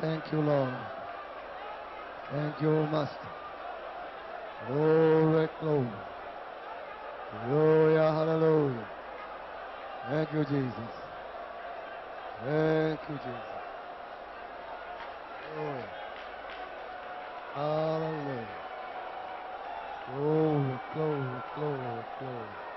thank you, Lord. Thank you, Master. Glory, glory. Glory, hallelujah. Thank you, Jesus. Thank you, Jesus. Glory. Hallelujah. Glory, glory, glory, glory.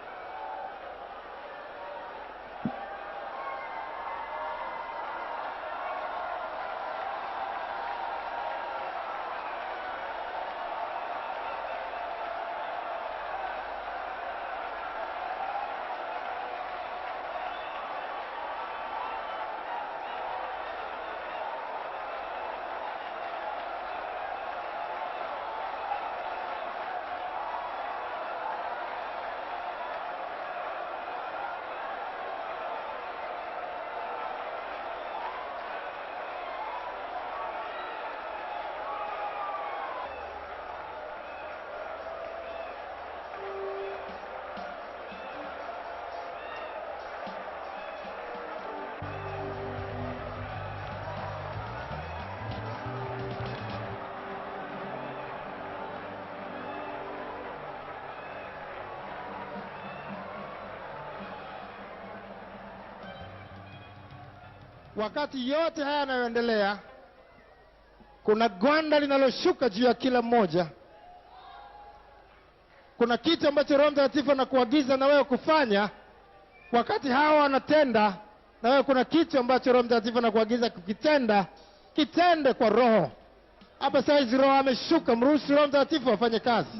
Wakati yote haya yanayoendelea, kuna gwanda linaloshuka juu ya kila mmoja. Kuna kitu ambacho Roho Mtakatifu anakuagiza na wewe kufanya wakati hawa wanatenda, na wewe kuna kitu ambacho Roho Mtakatifu anakuagiza kukitenda, kitende kwa roho. Hapa saizi Roho ameshuka, mruhusu Roho Mtakatifu afanye kazi.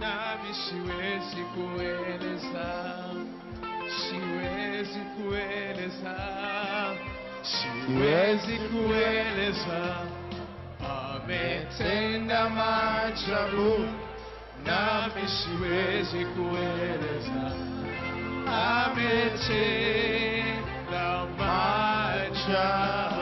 Davi siwezi kueleza, siwezi kueleza, siwezi kueleza. Ametenda maajabu, nami siwezi kueleza. Ametenda maajabu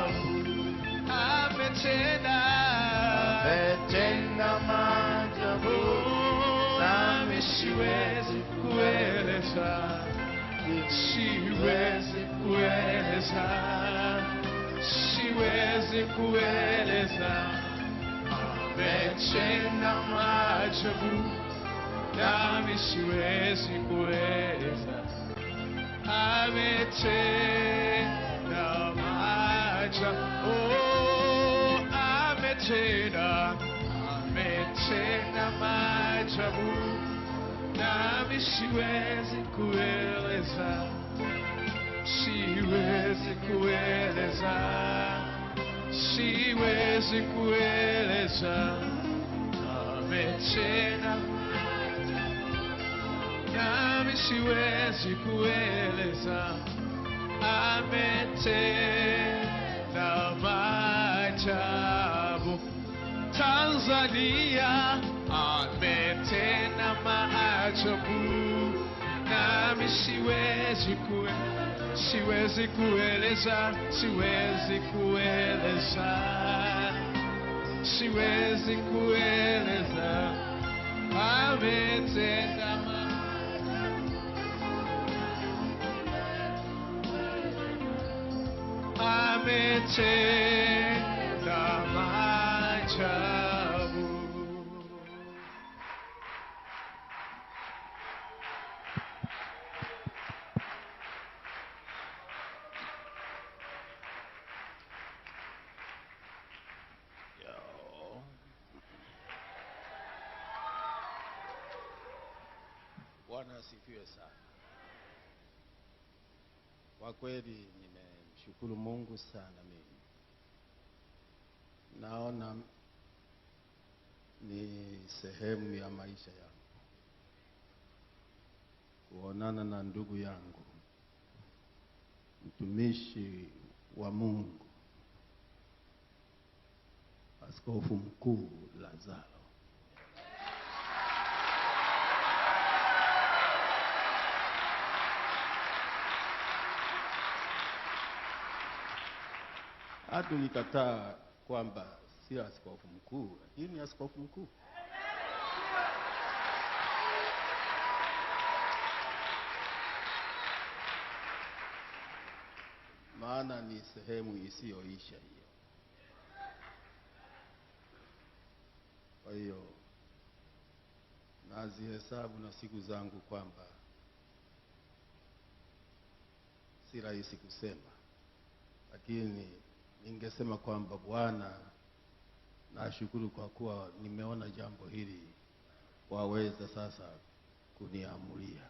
siwezi kueleza, siwezi kueleza ametenda maajabu, nami siwezi kueleza ametenda maajabu, oh, ametenda ametenda maajabu, nami siwezi kueleza. siwezi kueleza, siwezi kueleza ametenda nami, siwezi kueleza ametenda maajabu Tanzania, ametenda maajabu nami siwezi kueleza, siwezi kueleza, siwezi kueleza, siwezi kueleza ametenda ametenda macha Bwana asifiwe sana. Kwa kweli nimemshukuru Mungu sana. Mimi naona ni sehemu ya maisha yangu kuonana na ndugu yangu mtumishi wa Mungu Askofu Mkuu Lazaro hatunikataa kwamba sio askofu mkuu, lakini ni askofu mkuu. Maana ni sehemu isiyoisha hiyo. Kwa hiyo nazihesabu na siku zangu kwamba si rahisi kusema, lakini ningesema kwamba Bwana, nashukuru kwa kuwa nimeona jambo hili, waweza sasa kuniamulia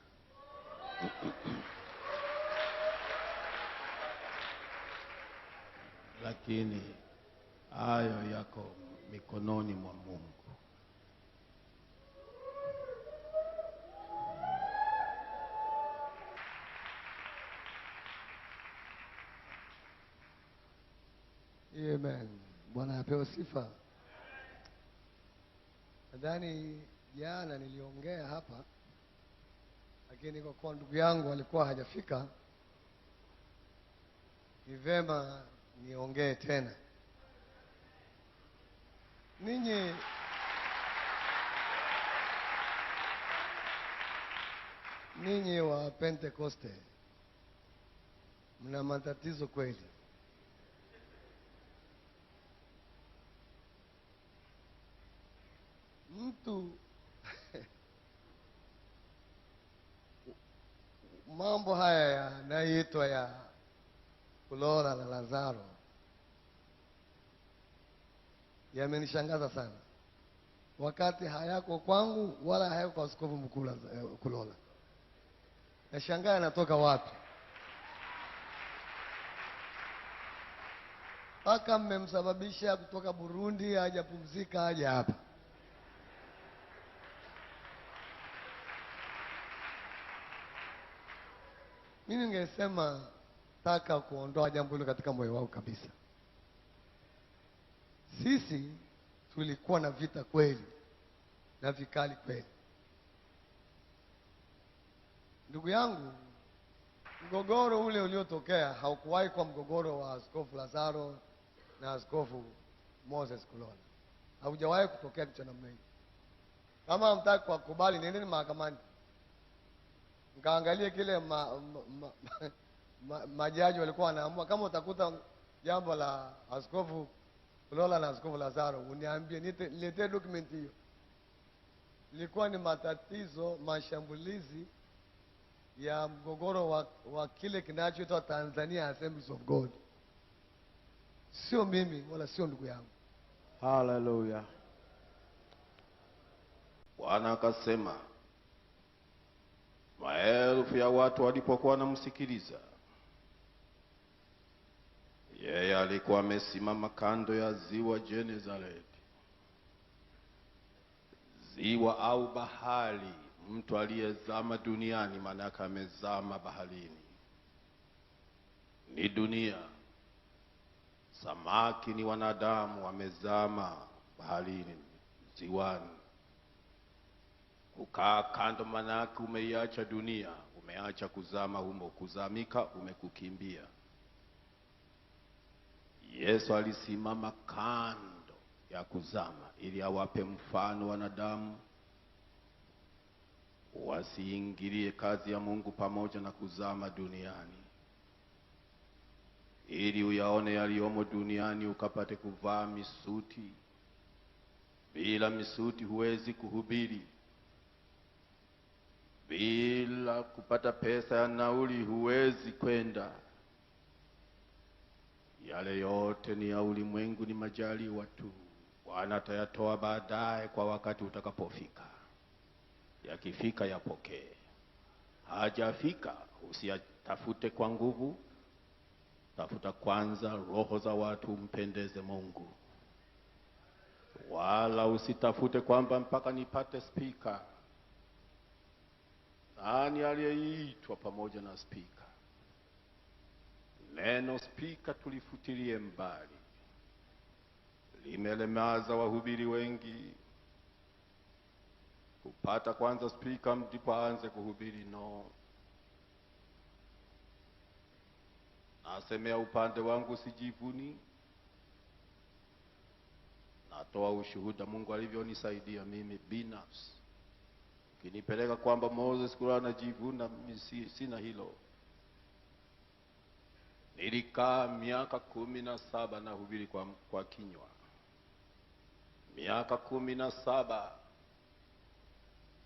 lakini hayo yako mikononi mwa Mungu. Amen. Bwana apewe sifa. Nadhani jana niliongea hapa, lakini kwa kuwa ndugu yangu alikuwa hajafika, ni vema niongee tena. Ninyi ninyi wa Pentekoste mna matatizo kweli. tu mm. mambo haya yanayoitwa ya kulola na Lazaro yamenishangaza sana, wakati hayako kwangu wala hayako kwa askofu mkuu eh, Kulola. Nashangaa yanatoka wapi mpaka mmemsababisha kutoka Burundi, hajapumzika aja hapa. Mimi ningesema taka kuondoa jambo hilo katika moyo wao kabisa. Sisi tulikuwa na vita kweli na vikali kweli. Ndugu yangu, mgogoro ule uliotokea haukuwahi kwa mgogoro wa Askofu Lazaro na Askofu Moses Kulola, haujawahi kutokea kitu namna hii. Kama hamtaki kuwakubali, nendeni mahakamani nkaangalie kile ma, ma, ma, ma, majaji walikuwa wanaamua. Kama utakuta jambo la askofu Lola na askofu Lazaro, uniambie niletee document hiyo. Ilikuwa ni matatizo, mashambulizi ya mgogoro wa, wa kile kinachoitwa Tanzania Assemblies of God, sio mimi wala sio ndugu yangu. Haleluya! Bwana akasema Maelfu ya watu walipokuwa wanamsikiliza yeye, alikuwa amesimama kando ya ziwa Genezareti, ziwa au bahari. Mtu aliyezama duniani, maanake amezama baharini, ni dunia. Samaki ni wanadamu, wamezama baharini, ziwani ukaa kando manake umeiacha dunia, umeacha kuzama humo, kuzamika umekukimbia. Yesu alisimama kando ya kuzama ili awape mfano wanadamu wasiingilie kazi ya Mungu pamoja na kuzama duniani, ili uyaone yaliyomo duniani ukapate kuvaa misuti. Bila misuti huwezi kuhubiri. Bila kupata pesa ya nauli huwezi kwenda. Yale yote ni ya ulimwengu, ni majaliwa tu. Bwana atayatoa baadaye kwa wakati utakapofika. Yakifika yapokee, hajafika usiyatafute kwa nguvu. Tafuta kwanza roho za watu, umpendeze Mungu, wala usitafute kwamba mpaka nipate spika nani aliyeitwa pamoja na spika? Neno spika tulifutilie mbali, limelemaza wahubiri wengi kupata kwanza spika ndipo aanze kuhubiri. No, nasemea upande wangu, sijivuni, natoa ushuhuda Mungu alivyonisaidia mimi binafsi kinipeleka kwamba Moses kura anajivuna, mimi sina hilo. Nilikaa miaka kumi na saba na hubiri kwa, kwa kinywa miaka kumi na saba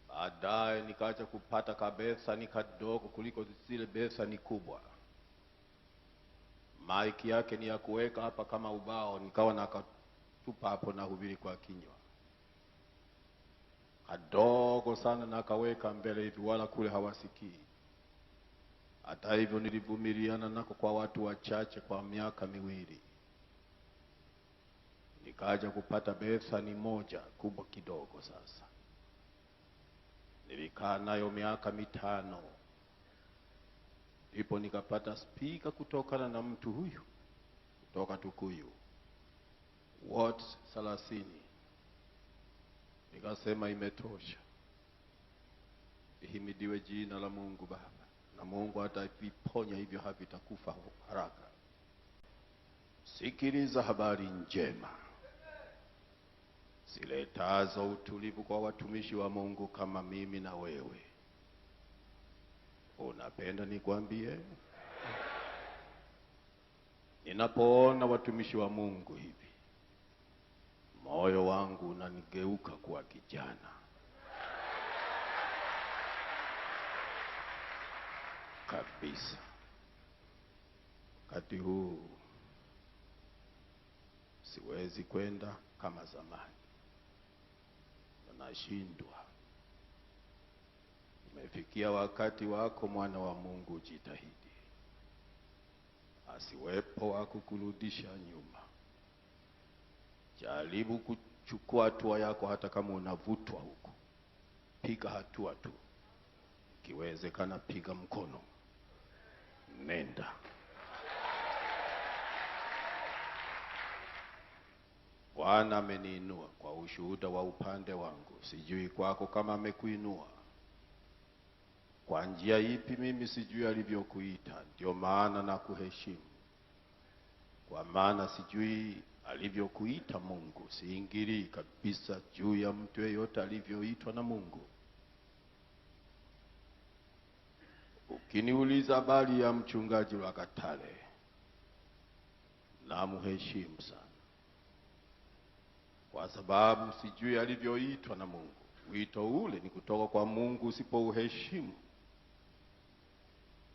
baadaye nikaacha kupata kabesa, ni kadogo kuliko zile besa ni kubwa. Maiki yake ni ya kuweka hapa kama ubao, nikawa nakatupa hapo na hubiri kwa kinywa kadogo sana na akaweka mbele hivi, wala kule hawasikii. Hata hivyo nilivumiliana nako kwa watu wachache kwa miaka miwili, nikaja kupata bethani moja kubwa kidogo. Sasa nilikaa nayo miaka mitano, ndipo nikapata spika kutokana na mtu huyu kutoka Tukuyu, wat thelathini Nikasema imetosha, ihimidiwe jina la Mungu Baba. Na Mungu ataviponya hivyo, havitakufa haraka. Sikiliza habari njema ziletazo utulivu kwa watumishi wa Mungu kama mimi na wewe. Unapenda nikwambie? Ninapoona watumishi wa Mungu hivi moyo wangu unanigeuka kuwa kijana. kabisa wakati huu siwezi kwenda kama zamani, nashindwa. Umefikia wakati wako, mwana wa Mungu, jitahidi, asiwepo wa kukurudisha nyuma. Jaribu kuchukua hatua yako, hata kama unavutwa huko, piga hatua tu. Ikiwezekana piga mkono, nenda. Bwana ameniinua kwa ushuhuda wa upande wangu, sijui kwako kama amekuinua kwa njia ipi. Mimi sijui alivyokuita, ndio maana na kuheshimu, kwa maana sijui alivyokuita Mungu. Siingilii kabisa juu ya mtu yeyote alivyoitwa na Mungu. Ukiniuliza habari ya mchungaji wa Katale, namheshimu sana kwa sababu sijui alivyoitwa na Mungu. Wito ule ni kutoka kwa Mungu. Usipouheshimu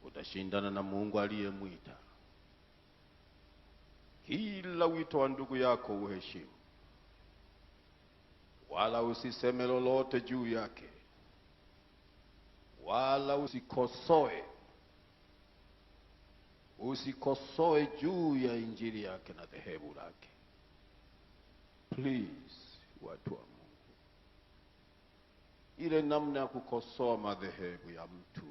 utashindana na Mungu aliyemwita. Kila wito wa ndugu yako uheshimu, wala usiseme lolote juu yake, wala usikosoe, usikosoe juu ya injili yake na dhehebu lake. Please, watu wa Mungu, ile namna ya kukosoa madhehebu ya mtu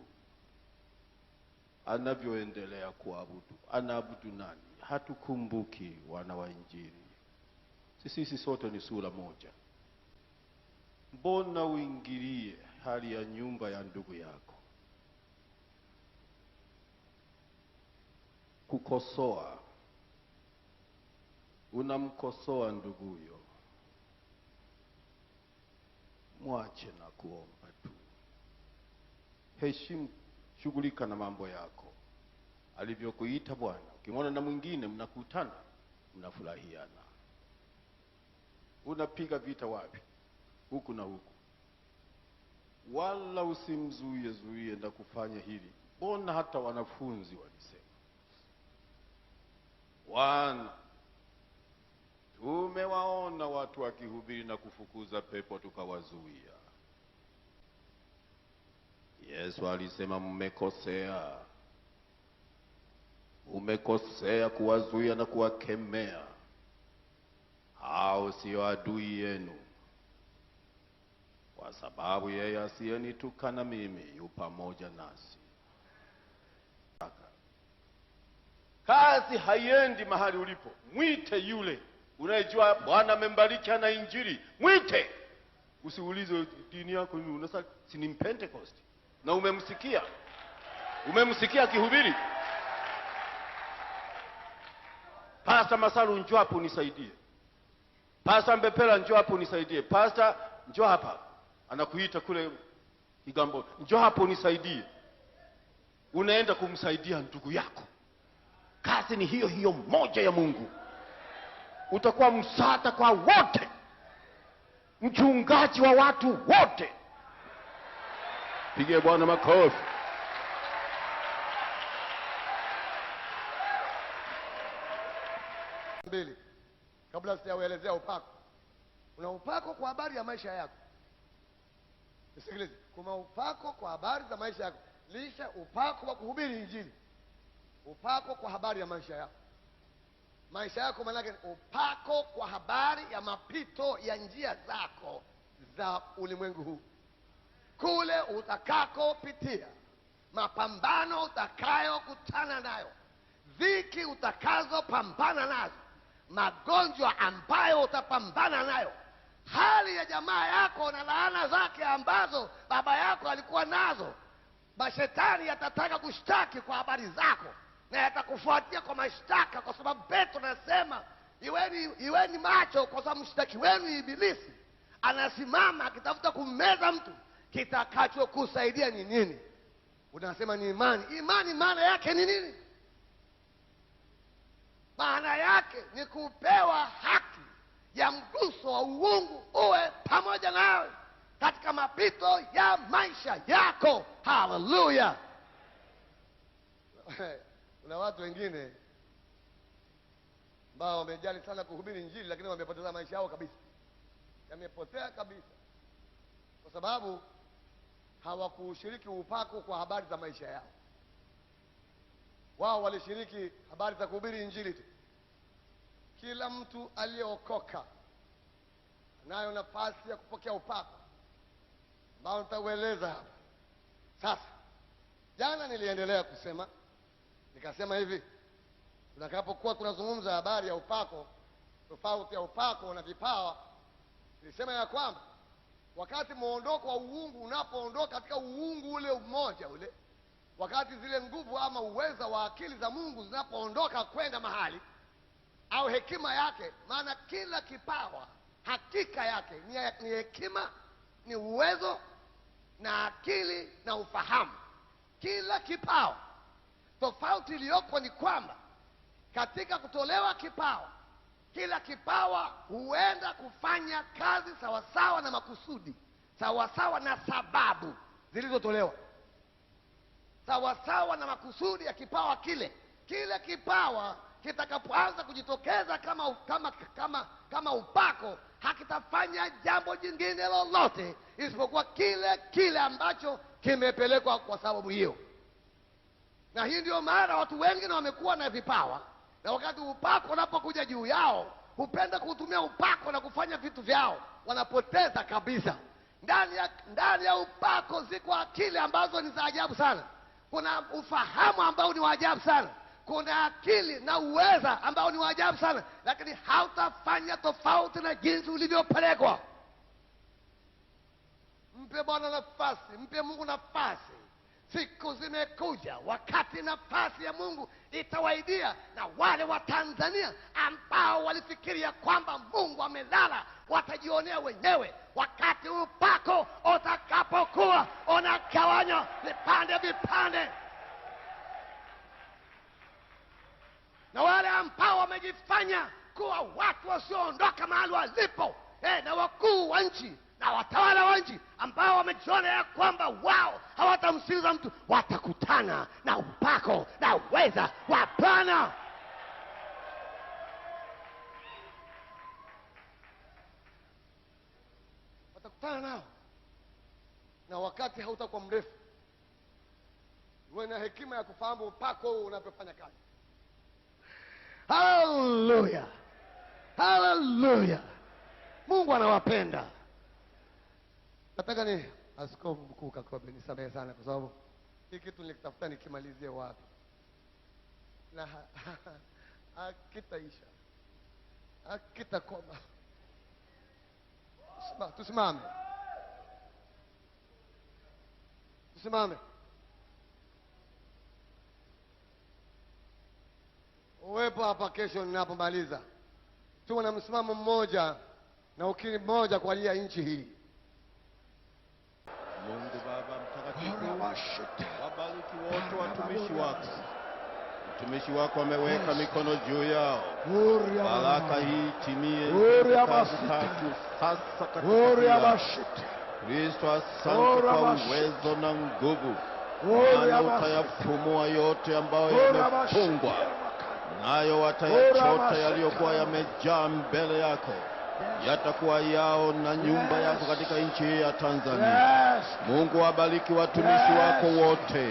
anavyoendelea kuabudu. Anaabudu nani? Hatukumbuki wana wa Injili? Sisi sote ni sura moja. Mbona uingilie hali ya nyumba ya ndugu yako? Kukosoa, unamkosoa ndugu huyo, mwache na kuomba tu. Heshimu shughulika na mambo yako alivyokuita Bwana. Ukimwona na mwingine mnakutana, mnafurahiana. Unapiga vita wapi? Huku na huku, wala usimzuie zuie na kufanya hili. Mbona hata wanafunzi walisema, Bwana, tumewaona watu wakihubiri na kufukuza pepo tukawazuia Yesu alisema mmekosea, umekosea kuwazuia na kuwakemea hao, siyo adui yenu, kwa sababu yeye asiyenitukana mimi yu pamoja nasi. Kazi haiendi mahali ulipo, mwite yule unayejua Bwana amembariki ana Injili, mwite. Usiulize dini yako, unasali si ni Pentecost na umemsikia, umemsikia kihubiri Pasta Masalu, njoo hapo unisaidie. Pasta Mbepela, njoo hapo unisaidie. Pasta, njoo hapa, anakuita kule Kigamboni, njoo hapo unisaidie. Unaenda kumsaidia ndugu yako. Kazi ni hiyo hiyo moja ya Mungu. Utakuwa msaada kwa wote, mchungaji wa watu wote. Pigie Bwana makofi. Mbili. Kabla sijauelezea upako, kuna upako kwa habari ya maisha yako. Nisikilize, kuna upako kwa habari za maisha yako, lisha upako wa kuhubiri Injili, upako kwa habari ya maisha yako. Maisha yako maanake upako kwa habari ya mapito ya njia zako za ulimwengu huu kule utakakopitia, mapambano utakayokutana nayo, dhiki utakazopambana nazo, magonjwa ambayo utapambana nayo, hali ya jamaa yako na laana zake ambazo baba yako alikuwa nazo, mashetani yatataka kushtaki kwa habari zako na yatakufuatia kwa mashtaka, kwa sababu Petro anasema iweni, iweni macho, kwa sababu mshtaki wenu Ibilisi anasimama akitafuta kummeza mtu kitakachokusaidia ni nini? Unasema ni imani. Imani maana yake ni nini? Maana yake ni kupewa haki ya mguso wa uungu uwe pamoja nawe katika mapito ya maisha yako. Haleluya! Kuna watu wengine ambao wamejali sana kuhubiri njili lakini wamepoteza maisha yao kabisa, yamepotea kabisa, kwa sababu hawakushiriki upako kwa habari za maisha yao. Wao walishiriki habari za kuhubiri injili tu. Kila mtu aliyeokoka anayo nafasi ya kupokea upako ambao nitaueleza hapa sasa. Jana niliendelea kusema nikasema hivi, tunakapokuwa kunazungumza habari ya upako, tofauti ya upako na vipawa, nilisema ya kwamba wakati muondoko wa uungu unapoondoka katika uungu ule mmoja ule, wakati zile nguvu ama uweza wa akili za Mungu zinapoondoka kwenda mahali au hekima yake, maana kila kipawa hakika yake ni hekima, ni uwezo na akili na ufahamu, kila kipawa. Tofauti iliyopo ni kwamba katika kutolewa kipawa kila kipawa huenda kufanya kazi sawasawa na makusudi, sawasawa na sababu zilizotolewa, sawasawa na makusudi ya kipawa kile. Kile kipawa kitakapoanza kujitokeza kama, kama, kama, kama upako, hakitafanya jambo jingine lolote isipokuwa kile kile ambacho kimepelekwa kwa sababu hiyo. Na hii ndio maana watu wengi na wamekuwa na vipawa na wakati upako unapokuja juu yao hupenda kuutumia upako na kufanya vitu vyao, wanapoteza kabisa. Ndani ya, ndani ya upako ziko akili ambazo ni za ajabu sana. Kuna ufahamu ambao ni wa ajabu sana, kuna akili na uweza ambao ni wa ajabu sana, lakini hautafanya tofauti na jinsi ulivyopelekwa. Mpe Bwana nafasi, mpe Mungu nafasi siku zimekuja, wakati nafasi ya Mungu itawaidia, na wale wa Tanzania ambao walifikiria kwamba Mungu amelala wa watajionea wenyewe wakati upako utakapokuwa unagawanywa vipande vipande, na wale ambao wamejifanya kuwa watu wasioondoka mahali walipo eh, na wakuu wa nchi na watawala wa nchi ambao wamejiona ya kwamba wao hawatamsikiliza mtu watakutana na upako na uweza wa Bwana. Watakutana nao, na wakati hautakuwa mrefu. Uwe na hekima ya kufahamu upako huo unavyofanya kazi. Haleluya, haleluya! Mungu anawapenda. Nataka ni Askofu Mkuu Kakobe nisamehe sana kwa sababu hii kitu nilikitafuta nikimalizie wapi na akitaisha akitakoma. Tusimame, tusimame. Uwepo hapa kesho ninapomaliza, tuwe na msimamo mmoja na ukiri mmoja kwa ajili ya nchi hii. Wabariki wote watumishi wako. mtumishi wako ameweka mikono juu yao. Baraka hii timie tatu sasa katika Kristo, asante kwa uwezo na nguvu, maana utayafumua yote ambayo yamefungwa, nayo watayachota yaliyokuwa yamejaa mbele yako yatakuwa yao na nyumba yako katika nchi ya Tanzania. Mungu wabariki watumishi wako wote,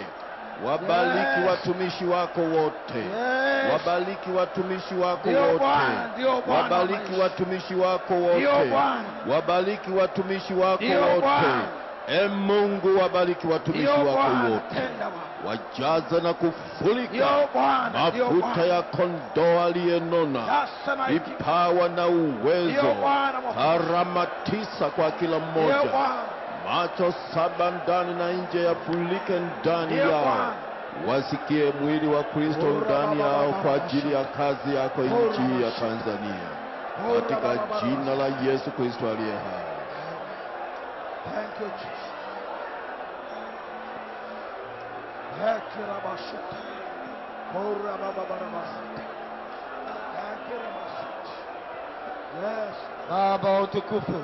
wabariki watumishi wako wote, wabariki watumishi wako wote, wabariki watumishi wako wote, wabariki watumishi wako wote E Mungu, wabariki watumishi wako wote, wajaze na kufurika mafuta ya kondoo aliyenona, vipawa na uwezo, karama tisa kwa kila mmoja, macho saba ndani na nje yafurike ndani yao, wasikie mwili wa Kristo ndani yao kwa ajili ya kazi yako nchi ya Tanzania, katika jina la Yesu Kristo aliye hai. Thank you, Jesus. Thank you, Rabashut. Thank you, Rabashut. Yes. Baba utukufu.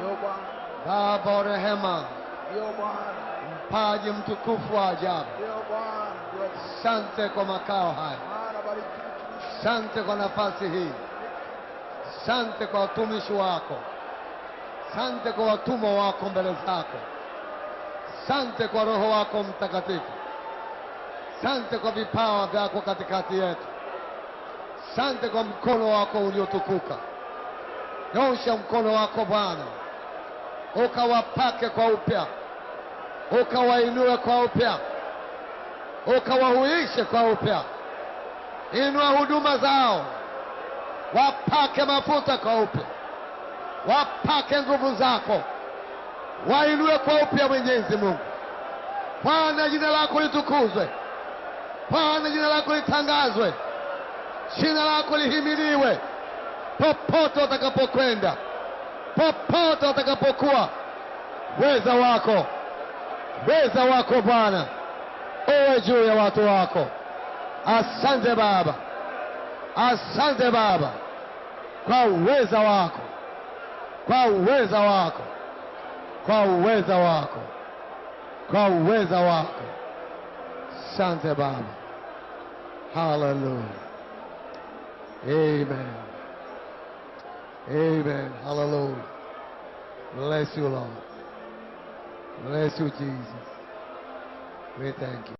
Yoba. Baba rehema. Yoba. Mpaji mtukufu wa ajabu. Yoba. Sante kwa makao haya. Sante kwa nafasi hii. Sante kwa utumishi wako. Sante kwa watumwa wako mbele zako. Sante kwa Roho wako Mtakatifu. Sante kwa vipawa vyako katikati yetu. Sante kwa mkono wako uliotukuka. Nyosha mkono wako Bwana, ukawapake kwa upya, ukawainue kwa upya, ukawahuishe kwa upya. Inua huduma zao, wapake mafuta kwa upya wapake nguvu zako, wainue kwa upya Mwenyezi Mungu. Bwana, jina lako litukuzwe. Bwana, jina lako litangazwe, jina lako lihimiliwe popote watakapokwenda popote watakapokuwa Weza wako, weza wako Bwana uwe juu ya watu wako. Asante Baba, asante Baba kwa uweza wako kwa uweza wako, kwa uweza wako, kwa uweza wako. Asante Baba. Hallelujah, Amen. Amen. Hallelujah. Bless you, Lord. Bless you, Jesus. We thank you.